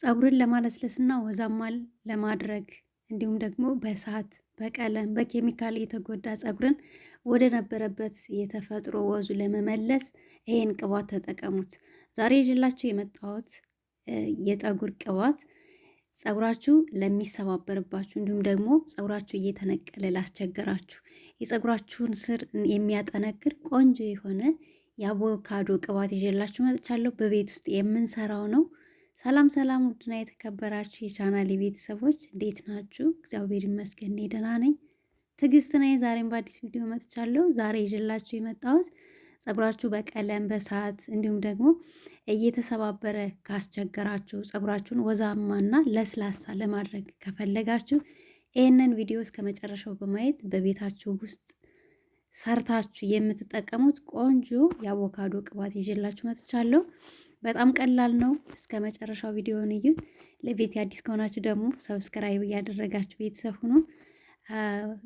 ፀጉርን ለማለስለስና ወዛማል ለማድረግ እንዲሁም ደግሞ በእሳት በቀለም በኬሚካል የተጎዳ ጸጉርን ወደ ነበረበት የተፈጥሮ ወዙ ለመመለስ ይሄን ቅባት ተጠቀሙት። ዛሬ ይዤላችሁ የመጣሁት የጸጉር ቅባት ጸጉራችሁ ለሚሰባበርባችሁ እንዲሁም ደግሞ ጸጉራችሁ እየተነቀለ ላስቸገራችሁ የጸጉራችሁን ስር የሚያጠነክር ቆንጆ የሆነ የአቮካዶ ቅባት ይዤላችሁ መጥቻለሁ። በቤት ውስጥ የምንሰራው ነው። ሰላም ሰላም፣ ውድና የተከበራችሁ የቻናል ቤተሰቦች እንዴት ናችሁ? እግዚአብሔር ይመስገን እኔ ደህና ነኝ። ትዕግስት ነኝ። ዛሬም በአዲስ ቪዲዮ መጥቻለሁ። ዛሬ ይዤላችሁ የመጣሁት ጸጉራችሁ በቀለም በሰዓት እንዲሁም ደግሞ እየተሰባበረ ካስቸገራችሁ ጸጉራችሁን ወዛማና ለስላሳ ለማድረግ ከፈለጋችሁ ይህንን ቪዲዮ እስከ መጨረሻው በማየት በቤታችሁ ውስጥ ሰርታችሁ የምትጠቀሙት ቆንጆ የአቮካዶ ቅባት ይዤላችሁ መጥቻለሁ። በጣም ቀላል ነው። እስከ መጨረሻው ቪዲዮውን እዩት። ለቤት አዲስ ከሆናችሁ ደግሞ ሰብስክራይብ እያደረጋችሁ ቤተሰብ ሁኑ።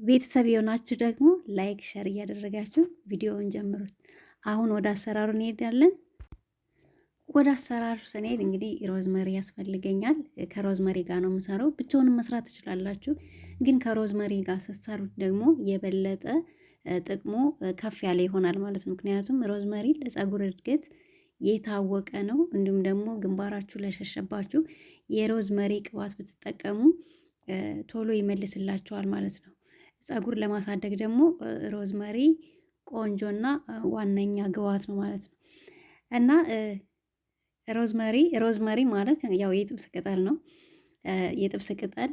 ቤተሰብ የሆናችሁ ደግሞ ላይክ፣ ሸር እያደረጋችሁ ቪዲዮውን ጀምሩት። አሁን ወደ አሰራሩ እንሄዳለን። ወደ አሰራር ስንሄድ እንግዲህ ሮዝመሪ ያስፈልገኛል። ከሮዝመሪ ጋር ነው የምሰራው። ብቻውንም መስራት ትችላላችሁ፣ ግን ከሮዝመሪ ጋር ስትሰሩት ደግሞ የበለጠ ጥቅሙ ከፍ ያለ ይሆናል ማለት ነው። ምክንያቱም ሮዝመሪ ለጸጉር እድገት የታወቀ ነው። እንዲሁም ደግሞ ግንባራችሁ ለሸሸባችሁ የሮዝመሪ ቅባት ብትጠቀሙ ቶሎ ይመልስላችኋል ማለት ነው። ፀጉር ለማሳደግ ደግሞ ሮዝመሪ ቆንጆና ዋነኛ ግብዓት ነው ማለት ነው እና ሮዝመሪ ሮዝመሪ ማለት ያው የጥብስ ቅጠል ነው። የጥብስ ቅጠል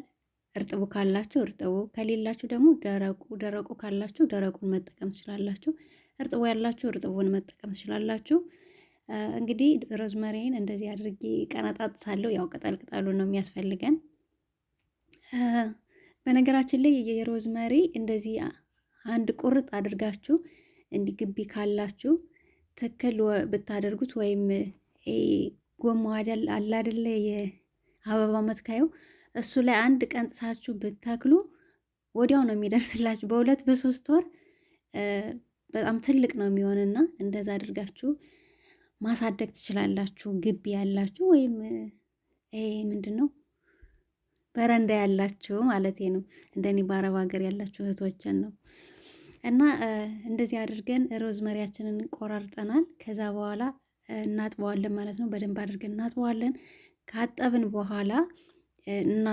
እርጥቡ ካላችሁ እርጥቡ ከሌላችሁ ደግሞ ደረቁ ደረቁ ካላችሁ ደረቁን መጠቀም ትችላላችሁ። እርጥቡ ያላችሁ እርጥቡን መጠቀም ትችላላችሁ። እንግዲህ ሮዝመሪን እንደዚህ አድርጌ ሳለው ያው ቅጠል ቅጠሉ ነው የሚያስፈልገን። በነገራችን ላይ የሮዝመሪ እንደዚህ አንድ ቁርጥ አድርጋችሁ እንዲህ ግቢ ካላችሁ ትክል ብታደርጉት ወይም ጎማ አለ አይደለ የአበባ መትካዩ እሱ ላይ አንድ ቀንጥሳችሁ ብተክሉ ወዲያው ነው የሚደርስላችሁ። በሁለት በሶስት ወር በጣም ትልቅ ነው የሚሆንና እንደዛ አድርጋችሁ ማሳደግ ትችላላችሁ። ግቢ ያላችሁ ወይም ይሄ ምንድን ነው በረንዳ ያላችሁ ማለት ነው። እንደኔ በአረብ ሀገር ያላችሁ እህቶችን ነው። እና እንደዚህ አድርገን ሮዝመሪያችንን ቆራርጠናል። ከዛ በኋላ እናጥበዋለን ማለት ነው። በደንብ አድርገን እናጥበዋለን። ካጠብን በኋላ እና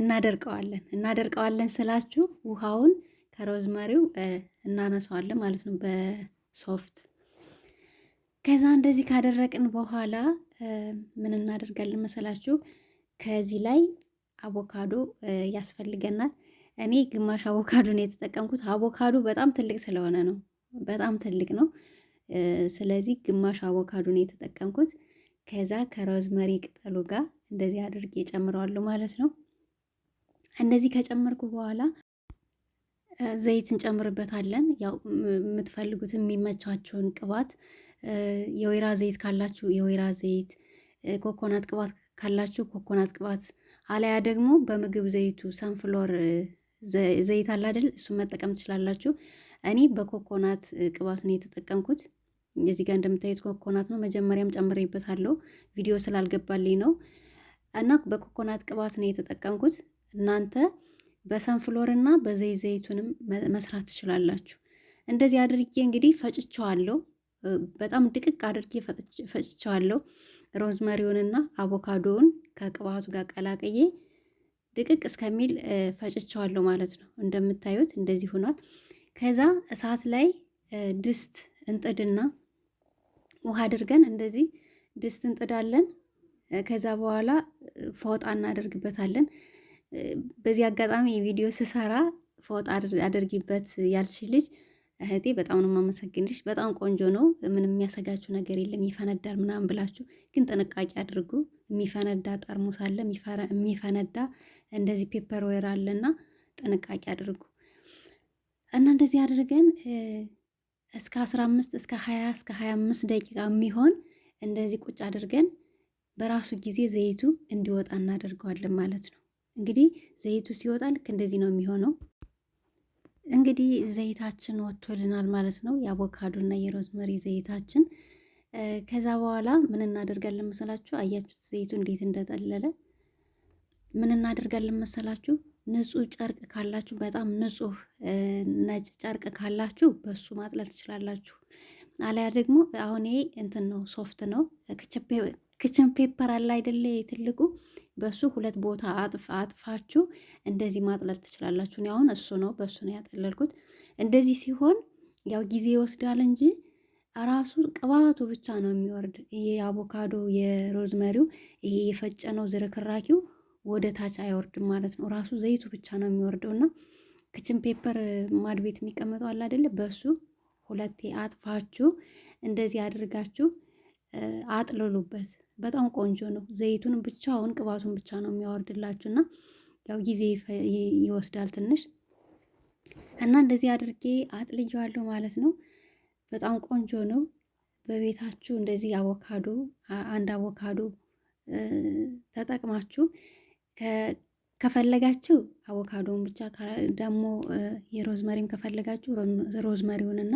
እናደርቀዋለን። እናደርቀዋለን ስላችሁ ውሃውን ከሮዝመሪው እናነሳዋለን ማለት ነው በሶፍት ከዛ እንደዚህ ካደረቅን በኋላ ምን እናደርጋለን መሰላችሁ? ከዚህ ላይ አቮካዶ ያስፈልገናል። እኔ ግማሽ አቮካዶ ነው የተጠቀምኩት። አቮካዶ በጣም ትልቅ ስለሆነ ነው፣ በጣም ትልቅ ነው። ስለዚህ ግማሽ አቮካዶ ነው የተጠቀምኩት። ከዛ ከሮዝመሪ ቅጠሉ ጋር እንደዚህ አድርጌ ጨምረዋለሁ ማለት ነው። እንደዚህ ከጨመርኩ በኋላ ዘይት እንጨምርበታለን። ያው የምትፈልጉት የሚመቻቸውን ቅባት የወይራ ዘይት ካላችሁ የወይራ ዘይት፣ ኮኮናት ቅባት ካላችሁ ኮኮናት ቅባት፣ አለያ ደግሞ በምግብ ዘይቱ ሰንፍሎር ዘይት አለ አይደል? እሱን መጠቀም ትችላላችሁ። እኔ በኮኮናት ቅባት ነው የተጠቀምኩት። እዚህ ጋር እንደምታዩት ኮኮናት ነው። መጀመሪያም ጨምሬበታለሁ ቪዲዮ ስላልገባልኝ ነው። እና በኮኮናት ቅባት ነው የተጠቀምኩት። እናንተ በሰንፍሎር እና በዘይት ዘይቱንም መስራት ትችላላችሁ። እንደዚህ አድርጌ እንግዲህ ፈጭቸዋለሁ። በጣም ድቅቅ አድርጌ ፈጭቸዋለሁ። ሮዝመሪውንና አቮካዶውን ከቅባቱ ጋር ቀላቅዬ ድቅቅ እስከሚል ፈጭቸዋለሁ ማለት ነው። እንደምታዩት እንደዚህ ሆኗል። ከዛ እሳት ላይ ድስት እንጥድና ውሃ አድርገን እንደዚህ ድስት እንጥዳለን። ከዛ በኋላ ፎጣ እናደርግበታለን። በዚህ አጋጣሚ የቪዲዮ ስሰራ ፎጣ አድርጊበት ያልች ልጅ እህቴ በጣም ነው የማመሰግንሽ። በጣም ቆንጆ ነው። ምንም የሚያሰጋችሁ ነገር የለም። ይፈነዳል ምናምን ብላችሁ ግን ጥንቃቄ አድርጉ። የሚፈነዳ ጠርሙስ አለ፣ የሚፈነዳ እንደዚህ ፔፐር ወይር አለና ጥንቃቄ አድርጉ እና እንደዚህ አድርገን እስከ 15 እስከ ሀያ እስከ 25 ደቂቃ የሚሆን እንደዚህ ቁጭ አድርገን በራሱ ጊዜ ዘይቱ እንዲወጣ እናደርገዋለን ማለት ነው። እንግዲህ ዘይቱ ሲወጣ ልክ እንደዚህ ነው የሚሆነው። እንግዲህ ዘይታችን ወጥቶልናል ማለት ነው። የአቮካዶና የሮዝመሪ ዘይታችን። ከዛ በኋላ ምን እናደርጋለን መሰላችሁ? አያችሁት ዘይቱ እንዴት እንደጠለለ። ምን እናደርጋለን መሰላችሁ? ንጹህ ጨርቅ ካላችሁ፣ በጣም ንጹህ ነጭ ጨርቅ ካላችሁ በሱ ማጥለል ትችላላችሁ። አለያ ደግሞ አሁን እንትን ነው ሶፍት ነው፣ ክችን ፔፐር አለ አይደለ ትልቁ በሱ ሁለት ቦታ አጥፍ አጥፋችሁ እንደዚህ ማጥለል ትችላላችሁ። እኔ አሁን እሱ ነው በሱ ነው ያጠለልኩት። እንደዚህ ሲሆን ያው ጊዜ ይወስዳል እንጂ ራሱ ቅባቱ ብቻ ነው የሚወርድ። ይሄ የአቮካዶ የሮዝመሪው ይሄ የፈጨነው ዝርክራኪው ወደ ታች አይወርድም ማለት ነው። ራሱ ዘይቱ ብቻ ነው የሚወርደው እና ክችን ፔፐር ማድቤት የሚቀመጠው አለ አይደለ? በሱ ሁለቴ አጥፋችሁ እንደዚህ አድርጋችሁ አጥልሉበት። በጣም ቆንጆ ነው። ዘይቱን አሁን ቅባቱን ብቻ ነው የሚያወርድላችሁ እና ያው ጊዜ ይወስዳል ትንሽ እና እንደዚህ አድርጌ አጥልየዋለሁ ማለት ነው። በጣም ቆንጆ ነው። በቤታችሁ እንደዚህ አቮካዶ አንድ አቮካዶ ተጠቅማችሁ ከፈለጋችሁ አቮካዶውን ብቻ ደግሞ የሮዝመሪም ከፈለጋችሁ ሮዝመሪውንና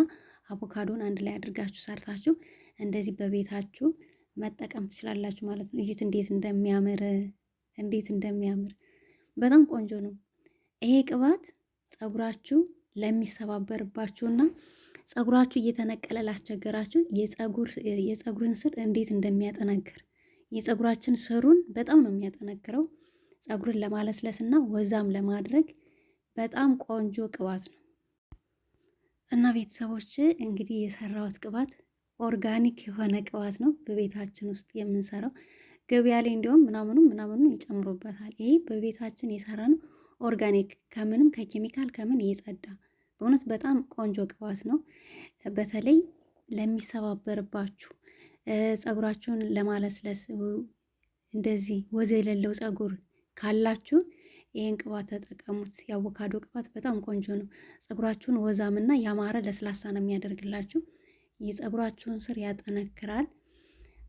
አቮካዶን አንድ ላይ አድርጋችሁ ሰርታችሁ እንደዚህ በቤታችሁ መጠቀም ትችላላችሁ ማለት ነው። እዩት እንዴት እንደሚያምር እንዴት እንደሚያምር በጣም ቆንጆ ነው። ይሄ ቅባት ጸጉራችሁ ለሚሰባበርባችሁና ጸጉራችሁ እየተነቀለ ላስቸገራችሁ የጸጉርን ስር እንዴት እንደሚያጠናክር የጸጉራችን ስሩን በጣም ነው የሚያጠነክረው። ጸጉርን ለማለስለስና ወዛም ለማድረግ በጣም ቆንጆ ቅባት ነው። እና ቤተሰቦች እንግዲህ የሰራሁት ቅባት ኦርጋኒክ የሆነ ቅባት ነው። በቤታችን ውስጥ የምንሰራው ገበያ ላይ እንዲሁም ምናምኑ ምናምኑ ይጨምሩበታል። ይሄ በቤታችን የሰራ ነው። ኦርጋኒክ ከምንም ከኬሚካል ከምን የጸዳ በእውነት በጣም ቆንጆ ቅባት ነው። በተለይ ለሚሰባበርባችሁ ጸጉራችሁን ለማለስለስ እንደዚህ ወዝ የሌለው ጸጉር ካላችሁ ይህን ቅባት ተጠቀሙት። የአቮካዶ ቅባት በጣም ቆንጆ ነው። ፀጉራችሁን ወዛምና ያማረ ለስላሳ ነው የሚያደርግላችሁ። የጸጉራችሁን ስር ያጠነክራል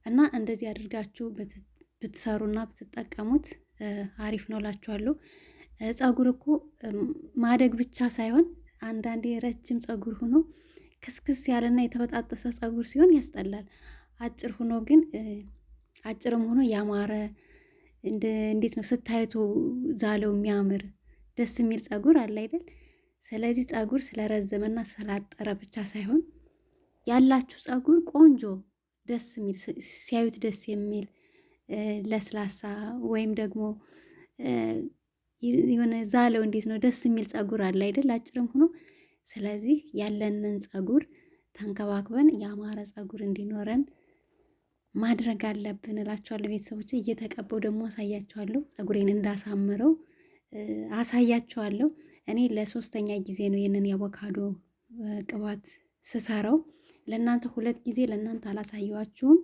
እና እንደዚህ አድርጋችሁ ብትሰሩና ብትጠቀሙት አሪፍ ነው ላችኋለሁ። ፀጉር እኮ ማደግ ብቻ ሳይሆን አንዳንዴ ረጅም ፀጉር ሆኖ ክስክስ ያለና የተበጣጠሰ ፀጉር ሲሆን ያስጠላል። አጭር ሆኖ ግን አጭርም ሆኖ ያማረ እንዴት ነው ስታይቶ ዛለው የሚያምር ደስ የሚል ጸጉር አለ አይደል? ስለዚህ ጸጉር ስለረዘመና ስላጠረ ብቻ ሳይሆን ያላችሁ ጸጉር ቆንጆ ደስ የሚል ሲያዩት ደስ የሚል ለስላሳ ወይም ደግሞ የሆነ ዛለው እንዴት ነው ደስ የሚል ጸጉር አለ አይደል? አጭርም ሆኖ ስለዚህ ያለንን ጸጉር ተንከባክበን ያማረ ጸጉር እንዲኖረን ማድረግ አለብን እላችኋለሁ። ቤተሰቦች እየተቀበው ደግሞ አሳያችኋለሁ። ጸጉሬን እንዳሳምረው አሳያችኋለሁ። እኔ ለሶስተኛ ጊዜ ነው ይህንን የአቮካዶ ቅባት ስሰራው። ለእናንተ ሁለት ጊዜ ለእናንተ አላሳየዋችሁም።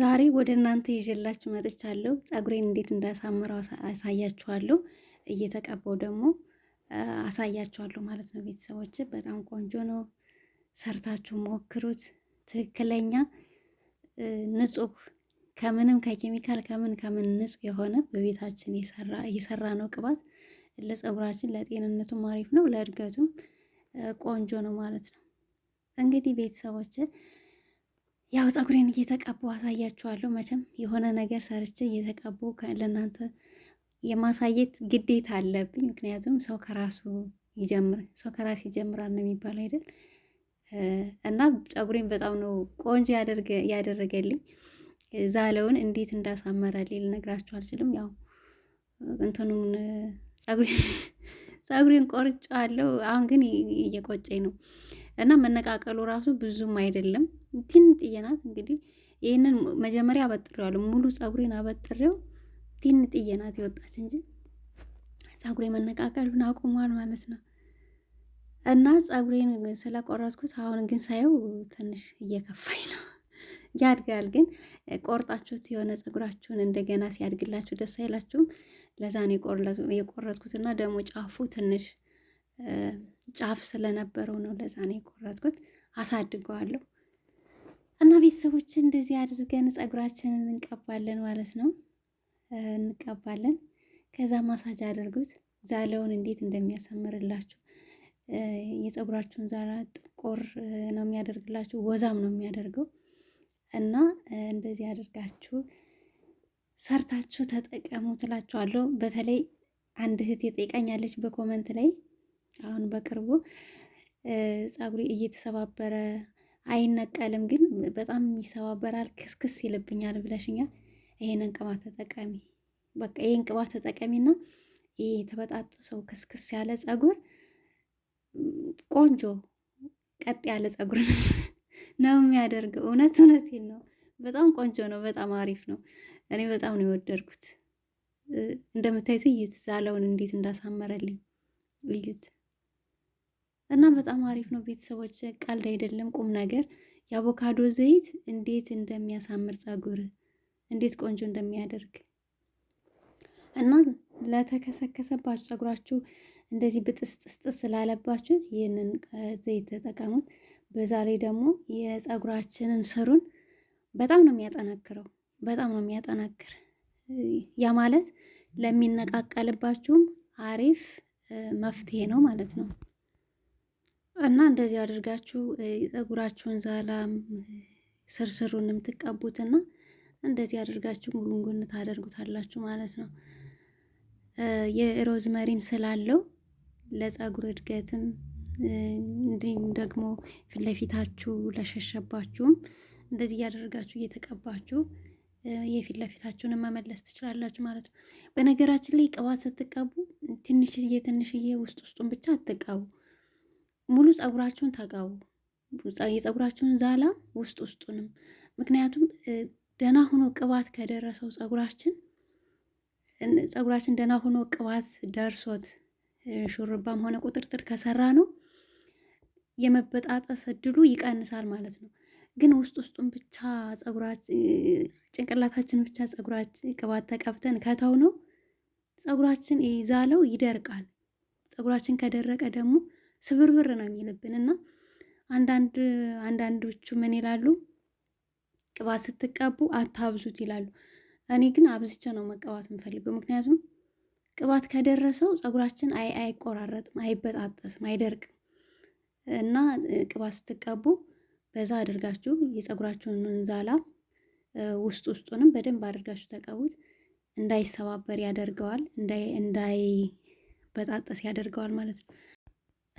ዛሬ ወደ እናንተ ይዤላችሁ መጥቻለሁ። ጸጉሬን እንዴት እንዳሳምረው አሳያችኋለሁ። እየተቀባው ደግሞ አሳያችኋለሁ ማለት ነው ቤተሰቦች። በጣም ቆንጆ ነው፣ ሰርታችሁ ሞክሩት። ትክክለኛ ንጹህ ከምንም ከኬሚካል ከምን ከምን ንጹህ የሆነ በቤታችን የሰራ ነው ቅባት ለፀጉራችን ለጤንነቱም አሪፍ ነው፣ ለእድገቱም ቆንጆ ነው ማለት ነው። እንግዲህ ቤተሰቦች ያው ፀጉሬን እየተቀቡ አሳያችኋለሁ። መቼም የሆነ ነገር ሰርቼ እየተቀቡ ለእናንተ የማሳየት ግዴታ አለብኝ። ምክንያቱም ሰው ከራሱ ይጀምር ሰው ከራስ ይጀምራል ነው የሚባል አይደል? እና ፀጉሬን በጣም ነው ቆንጆ ያደረገልኝ። ዛለውን እንዴት እንዳሳመረልኝ ልነግራችሁ አልችልም። ያው እንትኑን ጸጉሬን ፀጉሬን አሁን ግን እየቆጨኝ ነው እና መነቃቀሉ ራሱ ብዙም አይደለም። ትንጥዬ ናት እንግዲህ ይህንን መጀመሪያ አበጥሬዋለሁ። ሙሉ ፀጉሬን አበጥሬው ትንጥዬ ናት የወጣች እንጂ ፀጉሬ መነቃቀሉን አቁሟል ማለት ነው። እና ፀጉሬን ስለቆረጥኩት አሁን ግን ሳየው ትንሽ እየከፋኝ ነው። ያድጋል ግን ቆርጣችሁት የሆነ ፀጉራችሁን እንደገና ሲያድግላችሁ ደስ አይላችሁም? ለዛ ነው የቆረጥኩት እና ደግሞ ጫፉ ትንሽ ጫፍ ስለነበረው ነው ለዛ ነው የቆረጥኩት። አሳድገዋለሁ እና ቤተሰቦች እንደዚህ አድርገን ፀጉራችንን እንቀባለን ማለት ነው። እንቀባለን ከዛ ማሳጅ አድርጉት። ዛለውን እንዴት እንደሚያሳምርላችሁ የፀጉራችሁን ዛራ ጥቁር ነው የሚያደርግላችሁ፣ ወዛም ነው የሚያደርገው እና እንደዚህ አድርጋችሁ ሰርታችሁ ተጠቀሙ ትላችኋለሁ። በተለይ አንድ እህት የጠይቃኛለች በኮመንት ላይ አሁን በቅርቡ ፀጉሬ እየተሰባበረ አይነቀልም፣ ግን በጣም ይሰባበራል፣ ክስክስ ይልብኛል ብለሽኛል። ይሄንን ቅባት ተጠቀሚ፣ በቃ ይሄን ቅባት ተጠቀሚና ይህ የተበጣጠሰው ክስክስ ያለ ፀጉር ቆንጆ ቀጥ ያለ ፀጉር ነው የሚያደርገው። እውነት እውነቴን ነው። በጣም ቆንጆ ነው። በጣም አሪፍ ነው። እኔ በጣም ነው የወደድኩት። እንደምታዩት እዩት፣ ዛለውን እንዴት እንዳሳመረልኝ እዩት። እና በጣም አሪፍ ነው ቤተሰቦች፣ ቀልድ አይደለም፣ ቁም ነገር። የአቮካዶ ዘይት እንዴት እንደሚያሳምር ፀጉር እንዴት ቆንጆ እንደሚያደርግ እና ለተከሰከሰባችሁ ጸጉራችሁ እንደዚህ ብጥስጥስጥስ ስላለባችሁ ይህንን ዘይት ተጠቀሙት። በዛሬ ደግሞ የፀጉራችንን ስሩን በጣም ነው የሚያጠናክረው፣ በጣም ነው የሚያጠናክር። ያ ማለት ለሚነቃቀልባችሁም አሪፍ መፍትሄ ነው ማለት ነው። እና እንደዚህ አድርጋችሁ ፀጉራችሁን ዛላም ስርስሩን የምትቀቡትና እንደዚህ አድርጋችሁ ጉንጉን ታደርጉታላችሁ ማለት ነው። የሮዝመሪም ስላለው ለፀጉር እድገትም እንዲሁም ደግሞ ፊት ለፊታችሁ ለሸሸባችሁም እንደዚህ እያደረጋችሁ እየተቀባችሁ የፊት ለፊታችሁን መመለስ ትችላላችሁ ማለት ነው። በነገራችን ላይ ቅባት ስትቀቡ ትንሽዬ ትንሽዬ ውስጥ ውስጡን ብቻ አትቀቡ፣ ሙሉ ጸጉራችሁን ተቀቡ። የጸጉራችሁን ዛላ ውስጥ ውስጡንም ምክንያቱም ደህና ሆኖ ቅባት ከደረሰው ፀጉራችን ጸጉራችን ደህና ሆኖ ቅባት ደርሶት ሹርባም ሆነ ቁጥርጥር ከሰራ ነው የመበጣጠስ እድሉ ይቀንሳል ማለት ነው። ግን ውስጥ ውስጡን ብቻ ጸጉራችን ጭንቅላታችን ብቻ ፀጉራችን ቅባት ተቀብተን ከተው ነው ጸጉራችን ይዛለው ይደርቃል። ፀጉራችን ከደረቀ ደግሞ ስብርብር ነው የሚልብን እና አንዳንድ አንዳንዶቹ ምን ይላሉ ቅባት ስትቀቡ አታብዙት ይላሉ። እኔ ግን አብዝቼ ነው መቀባት የምፈልገው ምክንያቱም ቅባት ከደረሰው ፀጉራችን አይቆራረጥም፣ አይበጣጠስም፣ አይደርቅም እና ቅባት ስትቀቡ በዛ አድርጋችሁ የፀጉራችሁን እንዛላ ውስጥ ውስጡንም በደንብ አድርጋችሁ ተቀቡት። እንዳይሰባበር ያደርገዋል፣ እንዳይበጣጠስ ያደርገዋል ማለት ነው።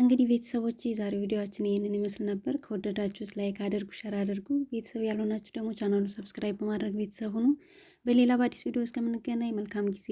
እንግዲህ ቤተሰቦች የዛሬ ቪዲዮችን ይህንን ይመስል ነበር። ከወደዳችሁት ላይክ አድርጉ፣ ሸር አድርጉ። ቤተሰብ ያልሆናችሁ ደግሞ ቻናሉን ሰብስክራይብ በማድረግ ቤተሰብ ሁኑ። በሌላ በአዲስ ቪዲዮ እስከምንገናኝ መልካም ጊዜ